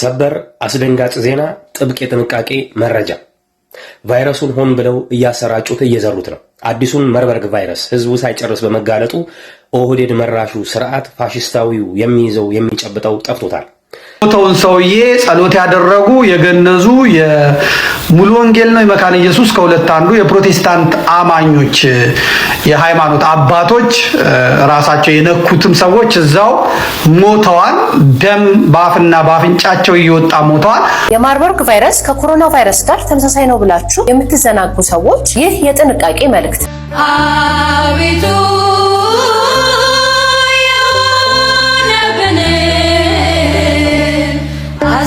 ሰበር አስደንጋጭ ዜና፣ ጥብቅ የጥንቃቄ መረጃ። ቫይረሱን ሆን ብለው እያሰራጩት እየዘሩት ነው። አዲሱን መርበርግ ቫይረስ ህዝቡ ሳይጨርስ በመጋለጡ ኦህዴድ መራሹ ስርዓት ፋሽስታዊው የሚይዘው የሚጨብጠው ጠፍቶታል። ቦታውን ሰውዬ ጸሎት ያደረጉ የገነዙ የሙሉ ወንጌል ነው የመካነ ኢየሱስ ከሁለት አንዱ የፕሮቴስታንት አማኞች የሃይማኖት አባቶች ራሳቸው የነኩትም ሰዎች እዛው ሞተዋል። ደም በአፍና በአፍንጫቸው እየወጣ ሞተዋል። የማርበርግ ቫይረስ ከኮሮና ቫይረስ ጋር ተመሳሳይ ነው ብላችሁ የምትዘናጉ ሰዎች ይህ የጥንቃቄ መልእክት አቤቱ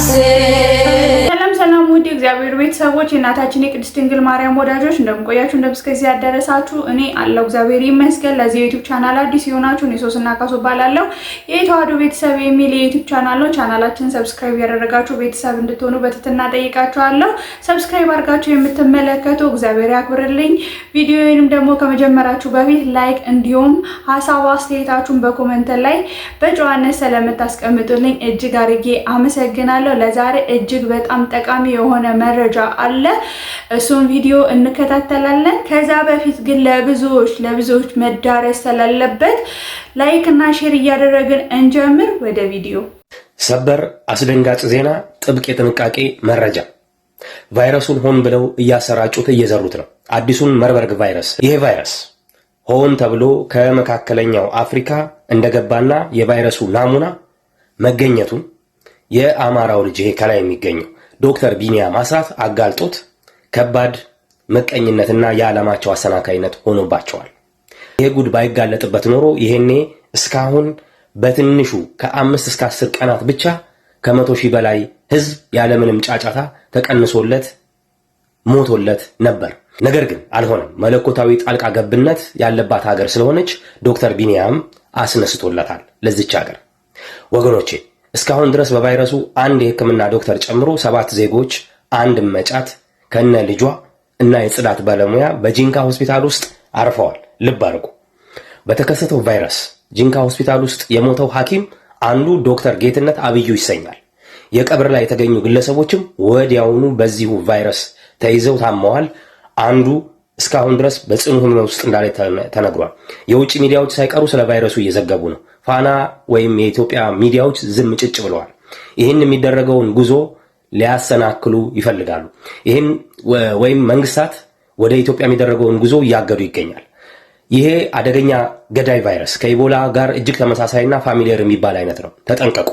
ሰላም ሰላም ወደ የእግዚአብሔር ቤተሰቦች የእናታችን የቅድስት ድንግል ማርያም ወዳጆች እንደምንቆያችሁ እንደምስከዚህ ያደረሳችሁ እኔ አለው እግዚአብሔር ይመስገን። ለዚህ የዩቲዩብ ቻናል አዲስ የሆናችሁ እኔ ሶስና ካሶ ባላለው የተዋሕዶ ቤተሰብ የሚል የዩቱብ ቻናል ነው። ቻናላችን ሰብስክራይብ ያደረጋችሁ ቤተሰብ እንድትሆኑ በትትና ጠይቃችኋለሁ። ሰብስክራይብ አድርጋችሁ የምትመለከቱ እግዚአብሔር ያክብርልኝ። ቪዲዮንም ደግሞ ከመጀመራችሁ በፊት ላይክ፣ እንዲሁም ሀሳብ አስተያየታችሁን በኮመንት ላይ በጨዋነት ስለምታስቀምጡልኝ እጅግ አርጌ አመሰግናለሁ። ለዛሬ እጅግ በጣም ጠቃሚ የሆነ መረጃ አለ። እሱን ቪዲዮ እንከታተላለን። ከዛ በፊት ግን ለብዙዎች ለብዙዎች መዳረስ ስላለበት ላይክ እና ሼር እያደረግን እንጀምር። ወደ ቪዲዮ። ሰበር አስደንጋጭ ዜና፣ ጥብቅ የጥንቃቄ መረጃ። ቫይረሱን ሆን ብለው እያሰራጩት እየዘሩት ነው፣ አዲሱን መርበርግ ቫይረስ። ይሄ ቫይረስ ሆን ተብሎ ከመካከለኛው አፍሪካ እንደገባና የቫይረሱ ናሙና መገኘቱን የአማራው ልጅ ይሄ ከላይ የሚገኘው ዶክተር ቢኒያም አስራት አጋልጦት ከባድ ምቀኝነትና የዓላማቸው አሰናካይነት ሆኖባቸዋል። ይህ ጉድ ባይጋለጥበት ኖሮ ይሄኔ እስካሁን በትንሹ ከአምስት እስከ አስር ቀናት ብቻ ከመቶ ሺህ በላይ ህዝብ ያለምንም ጫጫታ ተቀንሶለት ሞቶለት ነበር። ነገር ግን አልሆነም። መለኮታዊ ጣልቃ ገብነት ያለባት ሀገር ስለሆነች ዶክተር ቢኒያም አስነስቶለታል ለዚች ሀገር ወገኖቼ እስካሁን ድረስ በቫይረሱ አንድ የህክምና ዶክተር ጨምሮ ሰባት ዜጎች፣ አንድ መጫት ከነ ልጇ እና የጽዳት ባለሙያ በጂንካ ሆስፒታል ውስጥ አርፈዋል። ልብ አድርጉ። በተከሰተው ቫይረስ ጂንካ ሆስፒታል ውስጥ የሞተው ሐኪም አንዱ ዶክተር ጌትነት አብዩ ይሰኛል። የቀብር ላይ የተገኙ ግለሰቦችም ወዲያውኑ በዚሁ ቫይረስ ተይዘው ታመዋል። አንዱ እስካሁን ድረስ በጽኑ ህመም ውስጥ እንዳለ ተነግሯል። የውጭ ሚዲያዎች ሳይቀሩ ስለ ቫይረሱ እየዘገቡ ነው። ፋና ወይም የኢትዮጵያ ሚዲያዎች ዝም ጭጭ ብለዋል። ይህን የሚደረገውን ጉዞ ሊያሰናክሉ ይፈልጋሉ። ይህን ወይም መንግስታት ወደ ኢትዮጵያ የሚደረገውን ጉዞ እያገዱ ይገኛል። ይሄ አደገኛ ገዳይ ቫይረስ ከኢቦላ ጋር እጅግ ተመሳሳይና ፋሚሊየር የሚባል አይነት ነው። ተጠንቀቁ፣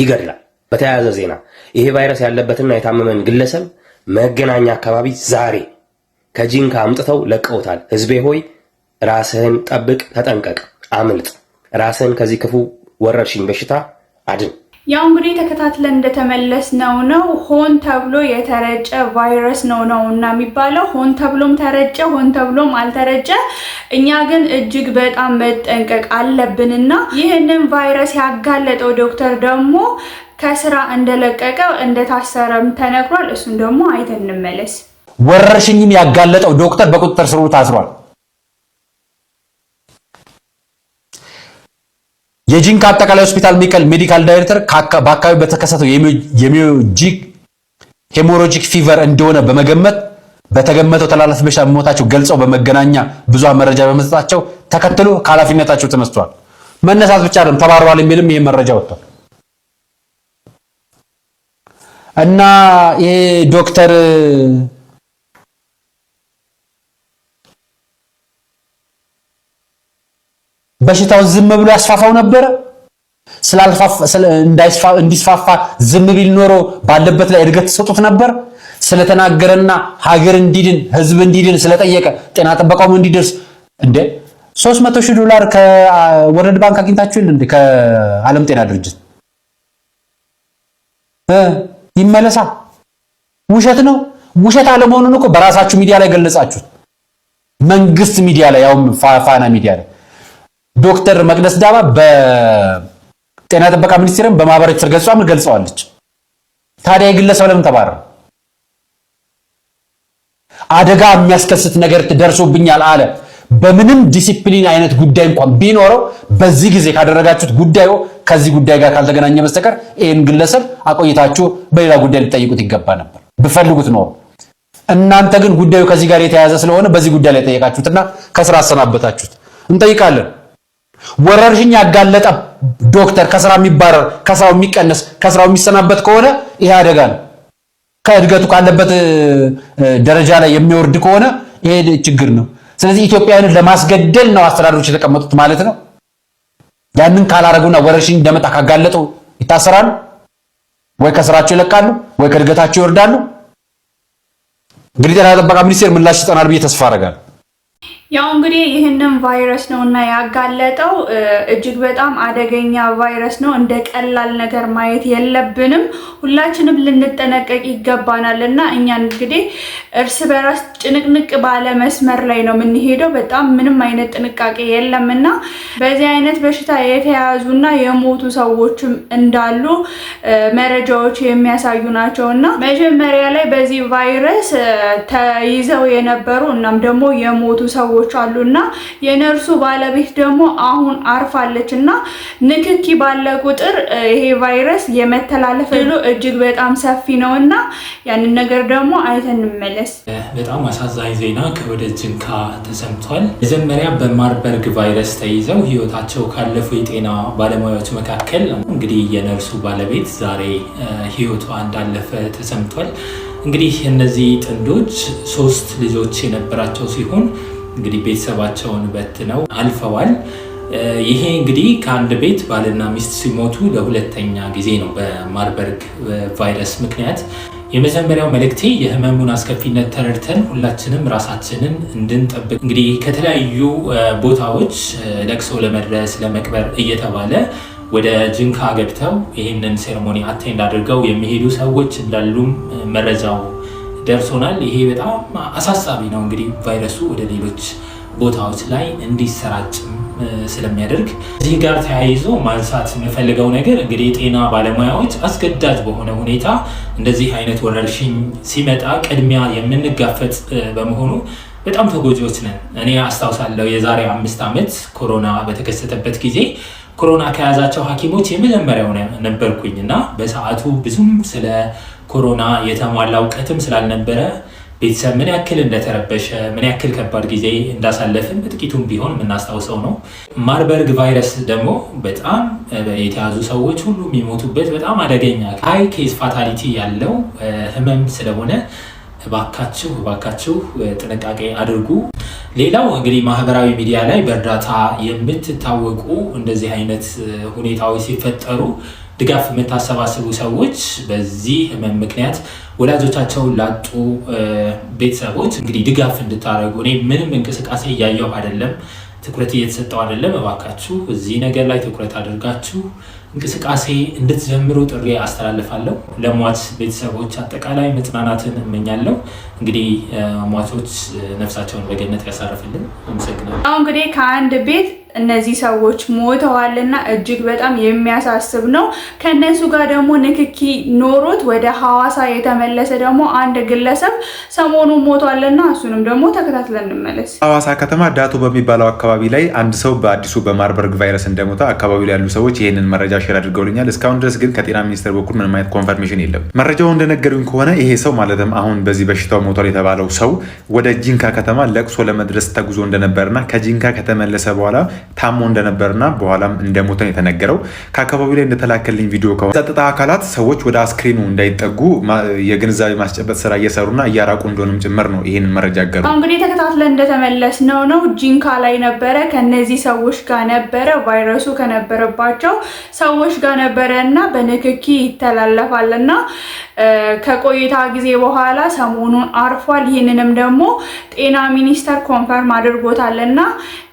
ይገድላል። በተያያዘ ዜና ይሄ ቫይረስ ያለበትና የታመመን ግለሰብ መገናኛ አካባቢ ዛሬ ከጂንካ አምጥተው ለቀውታል። ህዝቤ ሆይ ራስህን ጠብቅ፣ ተጠንቀቅ፣ አምልጥ። ራስን ከዚህ ክፉ ወረርሽኝ በሽታ አድን። ያው እንግዲህ ተከታትለን እንደተመለስ ነው ነው ሆን ተብሎ የተረጨ ቫይረስ ነው ነው እና የሚባለው ሆን ተብሎም ተረጨ፣ ሆን ተብሎም አልተረጨ፣ እኛ ግን እጅግ በጣም መጠንቀቅ አለብንና ይህንን ቫይረስ ያጋለጠው ዶክተር ደግሞ ከስራ እንደለቀቀ እንደታሰረም ተነግሯል። እሱን ደግሞ አይተን እንመለስ። ወረርሽኝም ያጋለጠው ዶክተር በቁጥጥር ስሩ ታስሯል። የጂንካ አጠቃላይ ሆስፒታል ሜዲካል ዳይሬክተር በአካባቢው በተከሰተው የሚዮጂክ ሄሞሮጂክ ፊቨር እንደሆነ በመገመት በተገመተው ተላላፊ በሽታ መሞታቸው ገልጸው በመገናኛ ብዙሃን መረጃ በመስጠታቸው ተከትሎ ከኃላፊነታቸው ተነስተዋል። መነሳት ብቻ አይደለም ተባረዋል የሚልም ይሄ መረጃ ወጥቷል። እና ይሄ ዶክተር በሽታው ዝም ብሎ ያስፋፋው ነበረ። እንዲስፋፋ ዝም ቢል ኖሮ ባለበት ላይ እድገት ተሰጡት ነበር። ስለተናገረና ሀገር እንዲድን ህዝብ እንዲድን ስለጠየቀ ጤና ጥበቃውም እንዲደርስ እንደ 300 ሺህ ዶላር ከወርልድ ባንክ አግኝታችሁል ከዓለም ጤና ድርጅት ይመለሳ። ውሸት ነው። ውሸት አለመሆኑን እኮ በራሳችሁ ሚዲያ ላይ ገለጻችሁት። መንግስት ሚዲያ ላይ ያውም ፋና ሚዲያ ላይ ዶክተር መቅደስ ዳባ በጤና ጥበቃ ሚኒስቴርም በማህበራዊ ትስስር ገጿም ገልጸዋለች። ታዲያ የግለሰብ ለምን ተባረረ? አደጋ የሚያስከስት ነገር ደርሶብኛል አለ። በምንም ዲሲፕሊን አይነት ጉዳይ እንኳን ቢኖረው በዚህ ጊዜ ካደረጋችሁት ጉዳዩ ከዚህ ጉዳይ ጋር ካልተገናኘ በስተቀር ይህን ግለሰብ አቆይታችሁ በሌላ ጉዳይ ልጠይቁት ይገባ ነበር ብፈልጉት ኖሮ። እናንተ ግን ጉዳዩ ከዚህ ጋር የተያያዘ ስለሆነ በዚህ ጉዳይ ላይ ጠየቃችሁትና ከስራ አሰናበታችሁት። እንጠይቃለን ወረርሽኝ ያጋለጠ ዶክተር ከስራ የሚባረር ከስራው የሚቀነስ ከስራው የሚሰናበት ከሆነ ይሄ አደጋ ነው። ከእድገቱ ካለበት ደረጃ ላይ የሚወርድ ከሆነ ይሄ ችግር ነው። ስለዚህ ኢትዮጵያውያንን ለማስገደል ነው አስተዳደሮች የተቀመጡት ማለት ነው። ያንን ካላረጉና ወረርሽኝ እንደመጣ ካጋለጡ ይታሰራሉ ወይ ከስራቸው ይለቃሉ ወይ ከእድገታቸው ይወርዳሉ። እንግዲህ ጤና ጥበቃ ሚኒስቴር ምላሽ ይጠናል ብዬ ተስፋ አደርጋለሁ። ያው እንግዲህ ይህንን ቫይረስ ነው እና ያጋለጠው እጅግ በጣም አደገኛ ቫይረስ ነው። እንደ ቀላል ነገር ማየት የለብንም። ሁላችንም ልንጠነቀቅ ይገባናል እና እኛ እንግዲህ እርስ በራስ ጭንቅንቅ ባለ መስመር ላይ ነው የምንሄደው። በጣም ምንም አይነት ጥንቃቄ የለም እና በዚህ አይነት በሽታ የተያዙ እና የሞቱ ሰዎችም እንዳሉ መረጃዎች የሚያሳዩ ናቸው እና መጀመሪያ ላይ በዚህ ቫይረስ ተይዘው የነበሩ እናም ደግሞ የሞቱ ሰዎች ነገሮች አሉ እና የነርሱ ባለቤት ደግሞ አሁን አርፋለች እና ንክኪ ባለ ቁጥር ይሄ ቫይረስ የመተላለፍ ሎ እጅግ በጣም ሰፊ ነው እና ያንን ነገር ደግሞ አይተን እንመለስ። በጣም አሳዛኝ ዜና ከወደ ጅንካ ተሰምቷል። መጀመሪያ በማርበርግ ቫይረስ ተይዘው ህይወታቸው ካለፉ የጤና ባለሙያዎች መካከል እንግዲህ የነርሱ ባለቤት ዛሬ ህይወቷ እንዳለፈ ተሰምቷል። እንግዲህ እነዚህ ጥንዶች ሶስት ልጆች የነበራቸው ሲሆን እንግዲህ ቤተሰባቸውን በትነው አልፈዋል። ይሄ እንግዲህ ከአንድ ቤት ባልና ሚስት ሲሞቱ ለሁለተኛ ጊዜ ነው በማርበርግ ቫይረስ ምክንያት። የመጀመሪያው መልእክቴ የህመሙን አስከፊነት ተረድተን ሁላችንም ራሳችንን እንድንጠብቅ እንግዲህ ከተለያዩ ቦታዎች ለቅሶ ለመድረስ ለመቅበር እየተባለ ወደ ጅንካ ገብተው ይህንን ሴሬሞኒ አቴንድ አድርገው የሚሄዱ ሰዎች እንዳሉም መረጃው ደርሶናል። ይሄ በጣም አሳሳቢ ነው። እንግዲህ ቫይረሱ ወደ ሌሎች ቦታዎች ላይ እንዲሰራጭም ስለሚያደርግ እዚህ ጋር ተያይዞ ማንሳት የምፈልገው ነገር እንግዲህ የጤና ባለሙያዎች አስገዳጅ በሆነ ሁኔታ እንደዚህ አይነት ወረርሽኝ ሲመጣ ቅድሚያ የምንጋፈጥ በመሆኑ በጣም ተጎጂዎች ነን። እኔ አስታውሳለሁ የዛሬ አምስት ዓመት ኮሮና በተከሰተበት ጊዜ ኮሮና ከያዛቸው ሐኪሞች የመጀመሪያው ነበርኩኝ እና በሰዓቱ ብዙም ስለ ኮሮና የተሟላ እውቀትም ስላልነበረ ቤተሰብ ምን ያክል እንደተረበሸ ምን ያክል ከባድ ጊዜ እንዳሳለፍን በጥቂቱም ቢሆን የምናስታውሰው ነው። ማርበርግ ቫይረስ ደግሞ በጣም የተያዙ ሰዎች ሁሉ የሚሞቱበት በጣም አደገኛ ሀይ ኬዝ ፋታሊቲ ያለው ህመም ስለሆነ እባካችሁ እባካችሁ ጥንቃቄ አድርጉ። ሌላው እንግዲህ ማህበራዊ ሚዲያ ላይ በእርዳታ የምትታወቁ እንደዚህ አይነት ሁኔታዎች ሲፈጠሩ ድጋፍ የምታሰባስቡ ሰዎች በዚህ ህመም ምክንያት ወላጆቻቸውን ላጡ ቤተሰቦች እንግዲህ ድጋፍ እንድታደርጉ እኔ ምንም እንቅስቃሴ እያየው አይደለም፣ ትኩረት እየተሰጠው አይደለም። እባካችሁ እዚህ ነገር ላይ ትኩረት አድርጋችሁ እንቅስቃሴ እንድትጀምሩ ጥሪ አስተላልፋለሁ። ለሟች ቤተሰቦች አጠቃላይ መጽናናትን እመኛለሁ። እንግዲህ ሟቾች ነፍሳቸውን በገነት ያሳርፍልን። አመሰግናለሁ። እንግዲህ ከአንድ ቤት እነዚህ ሰዎች ሞተዋልና እጅግ በጣም የሚያሳስብ ነው። ከነሱ ጋር ደግሞ ንክኪ ኖሮት ወደ ሐዋሳ የተመለሰ ደግሞ አንድ ግለሰብ ሰሞኑን ሞቷልና እሱንም ደግሞ ተከታትለን እንመለስ። ሐዋሳ ከተማ ዳቶ በሚባለው አካባቢ ላይ አንድ ሰው በአዲሱ በማርበርግ ቫይረስ እንደሞተ አካባቢው ላይ ያሉ ሰዎች ይህንን መረጃ ሼር አድርገውልኛል። እስካሁን ድረስ ግን ከጤና ሚኒስቴር በኩል ምንም አይነት ኮንፈርሜሽን የለም። መረጃው እንደነገሩኝ ከሆነ ይሄ ሰው ማለትም አሁን በዚህ በሽታው ሞቷል የተባለው ሰው ወደ ጂንካ ከተማ ለቅሶ ለመድረስ ተጉዞ እንደነበርና ከጂንካ ከተመለሰ በኋላ ታሞ እንደነበርና በኋላም እንደሞተን የተነገረው። ከአካባቢው ላይ እንደተላከልኝ ቪዲዮ ከሆነ ጸጥታ አካላት ሰዎች ወደ አስክሬኑ እንዳይጠጉ የግንዛቤ ማስጨበጥ ስራ እየሰሩና እያራቁ እንደሆንም ጭምር ነው ይህን መረጃ ገሩ። እንግዲህ ተከታትለ እንደተመለስ ነው ነው ጂንካ ላይ ነበረ፣ ከነዚህ ሰዎች ጋር ነበረ፣ ቫይረሱ ከነበረባቸው ሰዎች ጋር ነበረ እና በንክኪ ይተላለፋል እና ከቆይታ ጊዜ በኋላ ሰሞኑን አርፏል። ይህንንም ደግሞ ጤና ሚኒስቴር ኮንፈርም አድርጎታል እና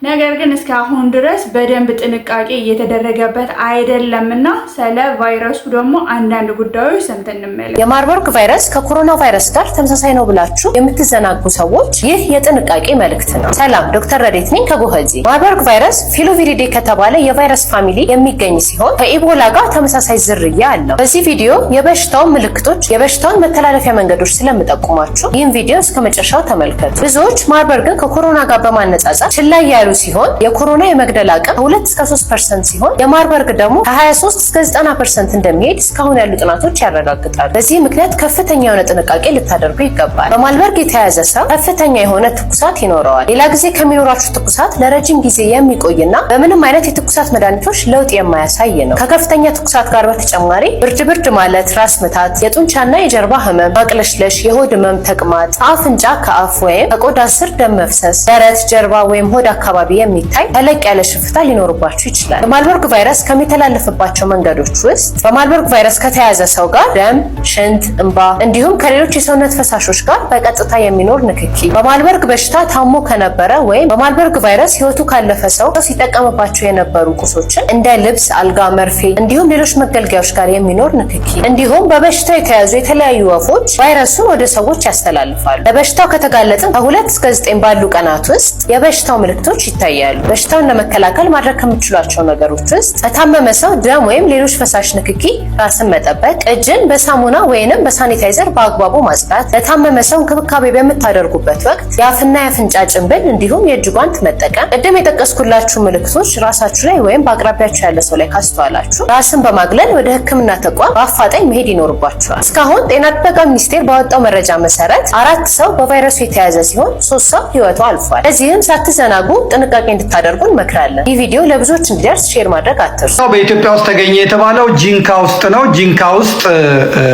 ነገር ግን እስከ አሁን እስካሁን ድረስ በደንብ ጥንቃቄ እየተደረገበት አይደለምና ስለ ቫይረሱ ደግሞ አንዳንድ ጉዳዮች ሰምተን እንመለስ። የማርበርግ ቫይረስ ከኮሮና ቫይረስ ጋር ተመሳሳይ ነው ብላችሁ የምትዘናጉ ሰዎች ይህ የጥንቃቄ መልእክት ነው። ሰላም፣ ዶክተር ረዴት ነኝ ከጎህልዚ። ማርበርግ ቫይረስ ፊሎቪሪዴ ከተባለ የቫይረስ ፋሚሊ የሚገኝ ሲሆን ከኢቦላ ጋር ተመሳሳይ ዝርያ አለው። በዚህ ቪዲዮ የበሽታውን ምልክቶች፣ የበሽታውን መተላለፊያ መንገዶች ስለምጠቁማችሁ ይህን ቪዲዮ እስከ መጨረሻው ተመልከቱ። ብዙዎች ማርበርግን ከኮሮና ጋር በማነጻጸር ችላ ያሉ ሲሆን የኮሮና የመግደል አቅም ከሁለት እስከ ሶስት ፐርሰንት ሲሆን የማርበርግ ደግሞ ከ23 እስከ 90 ፐርሰንት እንደሚሄድ እስካሁን ያሉ ጥናቶች ያረጋግጣሉ። በዚህ ምክንያት ከፍተኛ የሆነ ጥንቃቄ ልታደርጉ ይገባል። በማርበርግ የተያዘ ሰው ከፍተኛ የሆነ ትኩሳት ይኖረዋል። ሌላ ጊዜ ከሚኖራችሁ ትኩሳት ለረጅም ጊዜ የሚቆይና በምንም አይነት የትኩሳት መድኃኒቶች ለውጥ የማያሳይ ነው። ከከፍተኛ ትኩሳት ጋር በተጨማሪ ብርድ ብርድ ማለት፣ ራስ ምታት፣ የጡንቻና የጀርባ ህመም፣ ማቅለሽለሽ፣ የሆድ ህመም፣ ተቅማጥ፣ አፍንጫ ከአፍ ወይም ከቆዳ ስር ደም መፍሰስ፣ ደረት፣ ጀርባ ወይም ሆድ አካባቢ የሚታይ ተለ ጠለቅ ያለ ሽፍታ ሊኖርባችሁ ይችላል። በማርበርግ ቫይረስ ከሚተላለፍባቸው መንገዶች ውስጥ በማርበርግ ቫይረስ ከተያዘ ሰው ጋር ደም፣ ሽንት፣ እንባ እንዲሁም ከሌሎች የሰውነት ፈሳሾች ጋር በቀጥታ የሚኖር ንክኪ፣ በማርበርግ በሽታ ታሞ ከነበረ ወይም በማርበርግ ቫይረስ ህይወቱ ካለፈ ሰው ሰው ሲጠቀምባቸው የነበሩ ቁሶችን እንደ ልብስ፣ አልጋ፣ መርፌ እንዲሁም ሌሎች መገልገያዎች ጋር የሚኖር ንክኪ፣ እንዲሁም በበሽታው የተያዙ የተለያዩ ወፎች ቫይረሱን ወደ ሰዎች ያስተላልፋሉ። ለበሽታው ከተጋለጥን ከሁለት እስከ ዘጠኝ ባሉ ቀናት ውስጥ የበሽታው ምልክቶች ይታያሉ። በሽታው ለመከላከል ማድረግ ከምትችሏቸው ነገሮች ውስጥ በታመመ ሰው ደም ወይም ሌሎች ፈሳሽ ንክኪ ራስን መጠበቅ፣ እጅን በሳሙና ወይንም በሳኒታይዘር በአግባቡ ማጽዳት፣ ለታመመ ሰው እንክብካቤ በምታደርጉበት ወቅት የአፍና የአፍንጫ ጭንብል እንዲሁም የእጅ ጓንት መጠቀም። ቅድም የጠቀስኩላችሁ ምልክቶች ራሳችሁ ላይ ወይም በአቅራቢያችሁ ያለ ሰው ላይ ካስተዋላችሁ ራስን በማግለል ወደ ሕክምና ተቋም በአፋጣኝ መሄድ ይኖርባችኋል። እስካሁን ጤና ጥበቃ ሚኒስቴር ባወጣው መረጃ መሰረት አራት ሰው በቫይረሱ የተያዘ ሲሆን ሶስት ሰው ህይወቱ አልፏል። ለዚህም ሳትዘናጉ ጥንቃቄ እንድታደርጉን እንመክራለን። ይህ ቪዲዮ ለብዙዎች እንዲደርስ ሼር ማድረግ አትርሱ። በኢትዮጵያ ውስጥ ተገኘ የተባለው ጂንካ ውስጥ ነው። ጂንካ ውስጥ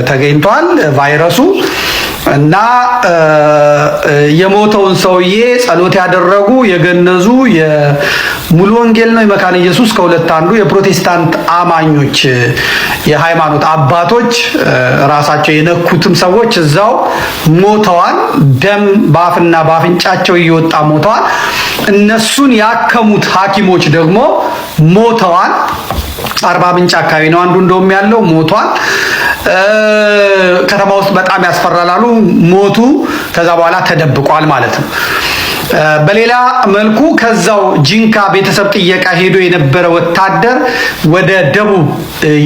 ተገኝቷል ቫይረሱ እና የሞተውን ሰውዬ ጸሎት ያደረጉ የገነዙ የሙሉ ወንጌል ነው የመካነ ኢየሱስ ከሁለት አንዱ የፕሮቴስታንት አማኞች የሃይማኖት አባቶች ራሳቸው የነኩትም ሰዎች እዛው ሞተዋል። ደም በአፍና በአፍንጫቸው እየወጣ ሞተዋል። እነሱን ያከሙት ሐኪሞች ደግሞ ሞተዋል። አርባ ምንጭ አካባቢ ነው አንዱ እንደውም ያለው ሞቷል። ከተማ ውስጥ በጣም ያስፈራላሉ ሞቱ። ከዛ በኋላ ተደብቋል ማለት ነው። በሌላ መልኩ ከዛው ጂንካ ቤተሰብ ጥየቃ ሄዶ የነበረ ወታደር ወደ ደቡብ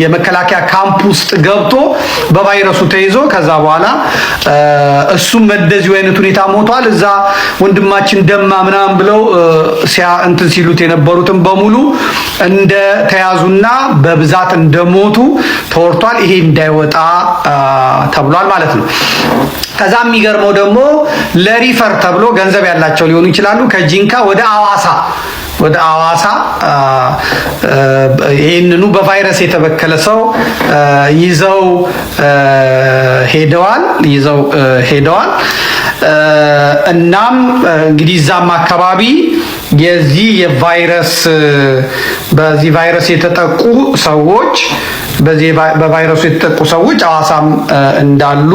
የመከላከያ ካምፕ ውስጥ ገብቶ በቫይረሱ ተይዞ ከዛ በኋላ እሱም እንደዚሁ አይነት ሁኔታ ሞቷል። እዛ ወንድማችን ደማ ምናምን ብለው እንትን ሲሉት የነበሩትን በሙሉ እንደተያዙና በብዛት እንደሞቱ ተወርቷል። ይሄ እንዳይወጣ ተብሏል ማለት ነው። ከዛ የሚገርመው ደግሞ ለሪፈር ተብሎ ገንዘብ ያላቸው ሊሆኑ ይችላሉ ከጂንካ ወደ አዋሳ ወደ አዋሳ ይህንኑ በቫይረስ የተበከለ ሰው ይዘው ሄደዋል ይዘው ሄደዋል። እናም እንግዲህ እዛም አካባቢ የዚህ የቫይረስ በዚህ ቫይረስ የተጠቁ ሰዎች በዚህ በቫይረሱ የተጠቁ ሰዎች አዋሳም እንዳሉ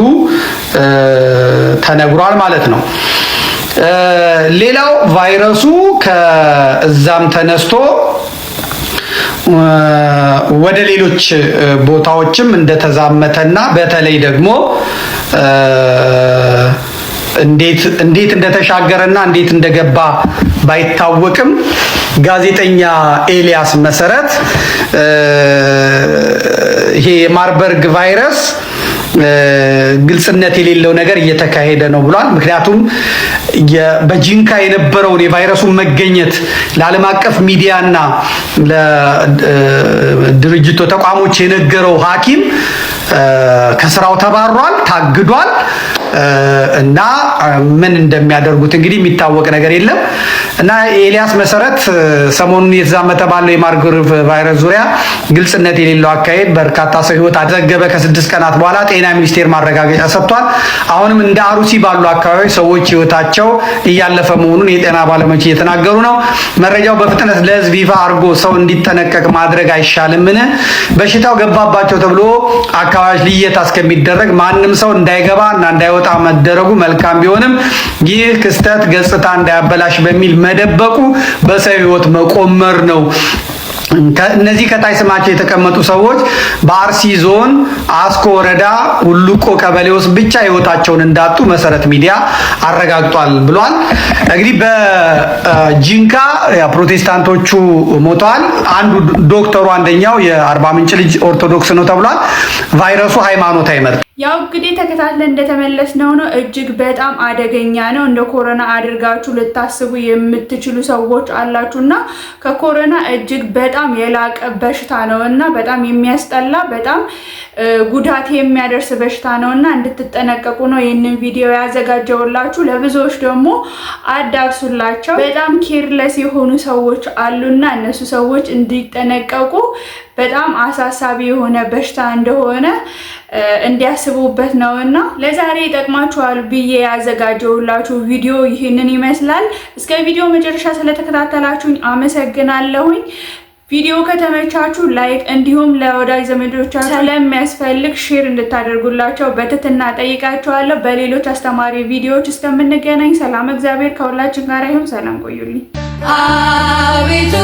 ተነግሯል ማለት ነው። ሌላው ቫይረሱ ከእዛም ተነስቶ ወደ ሌሎች ቦታዎችም እንደተዛመተና በተለይ ደግሞ እንዴት እንደተሻገረና እንዴት እንደገባ ባይታወቅም ጋዜጠኛ ኤልያስ መሰረት ይሄ የማርበርግ ቫይረስ ግልጽነት የሌለው ነገር እየተካሄደ ነው ብሏል። ምክንያቱም በጂንካ የነበረውን የቫይረሱን መገኘት ለዓለም አቀፍ ሚዲያና ለድርጅቶ ተቋሞች የነገረው ሐኪም ከስራው ተባሯል፣ ታግዷል እና ምን እንደሚያደርጉት እንግዲህ የሚታወቅ ነገር የለም እና ኤልያስ መሰረት ሰሞኑን እየተዛመተ ባለው የማርበርግ ቫይረስ ዙሪያ ግልጽነት የሌለው አካሄድ በርካታ ሰው ህይወት አዘገበ። ከስድስት ቀናት በኋላ ጤና ሚኒስቴር ማረጋገጫ ሰጥቷል። አሁንም እንደ አሩሲ ባሉ አካባቢዎች ሰዎች ህይወታቸው እያለፈ መሆኑን የጤና ባለሙያዎች እየተናገሩ ነው። መረጃው በፍጥነት ለህዝብ ይፋ አድርጎ ሰው እንዲጠነቀቅ ማድረግ አይሻልምን? በሽታው ገባባቸው ተብሎ አካባቢዎች ልየታ እስከሚደረግ ማንም ሰው እንዳይገባ እና እንዳይወጣ መደረጉ መልካም ቢሆንም ይህ ክስተት ገጽታ እንዳያበላሽ በሚል መደበቁ በሰው ህይወት መቆመር ነው። እነዚህ ከታይ ስማቸው የተቀመጡ ሰዎች በአርሲ ዞን አስኮ ወረዳ ሁሉቆ ቀበሌ ውስጥ ብቻ ህይወታቸውን እንዳጡ መሰረት ሚዲያ አረጋግጧል ብሏል። እንግዲህ በጂንካ ፕሮቴስታንቶቹ ሞተዋል። አንዱ ዶክተሩ አንደኛው የአርባ ምንጭ ልጅ ኦርቶዶክስ ነው ተብሏል። ቫይረሱ ሃይማኖት አይመርጥ ያው እንግዲህ ተከታትለን እንደተመለስ ነው። እጅግ በጣም አደገኛ ነው። እንደ ኮሮና አድርጋችሁ ልታስቡ የምትችሉ ሰዎች አላችሁ እና እጅግ በጣም የላቀ በሽታ ነው እና በጣም የሚያስጠላ በጣም ጉዳት የሚያደርስ በሽታ ነው እና እንድትጠነቀቁ ነው ይህንን ቪዲዮ ያዘጋጀውላችሁ። ለብዙዎች ደግሞ አዳርሱላቸው። በጣም ኬርለስ የሆኑ ሰዎች አሉና እነሱ ሰዎች እንዲጠነቀቁ በጣም አሳሳቢ የሆነ በሽታ እንደሆነ እንዲያስቡበት ነው እና ለዛሬ ይጠቅማችኋል ብዬ ያዘጋጀሁላችሁ ቪዲዮ ይህንን ይመስላል። እስከ ቪዲዮ መጨረሻ ስለተከታተላችሁኝ አመሰግናለሁኝ። ቪዲዮ ከተመቻችሁ ላይክ እንዲሁም ለወዳጅ ዘመዶቻችሁ ስለሚያስፈልግ ሼር እንድታደርጉላቸው በትህትና ጠይቃችኋለሁ። በሌሎች አስተማሪ ቪዲዮዎች እስከምንገናኝ ሰላም፣ እግዚአብሔር ከሁላችን ጋር ይሁን። ሰላም ቆዩልኝ። አቤቱ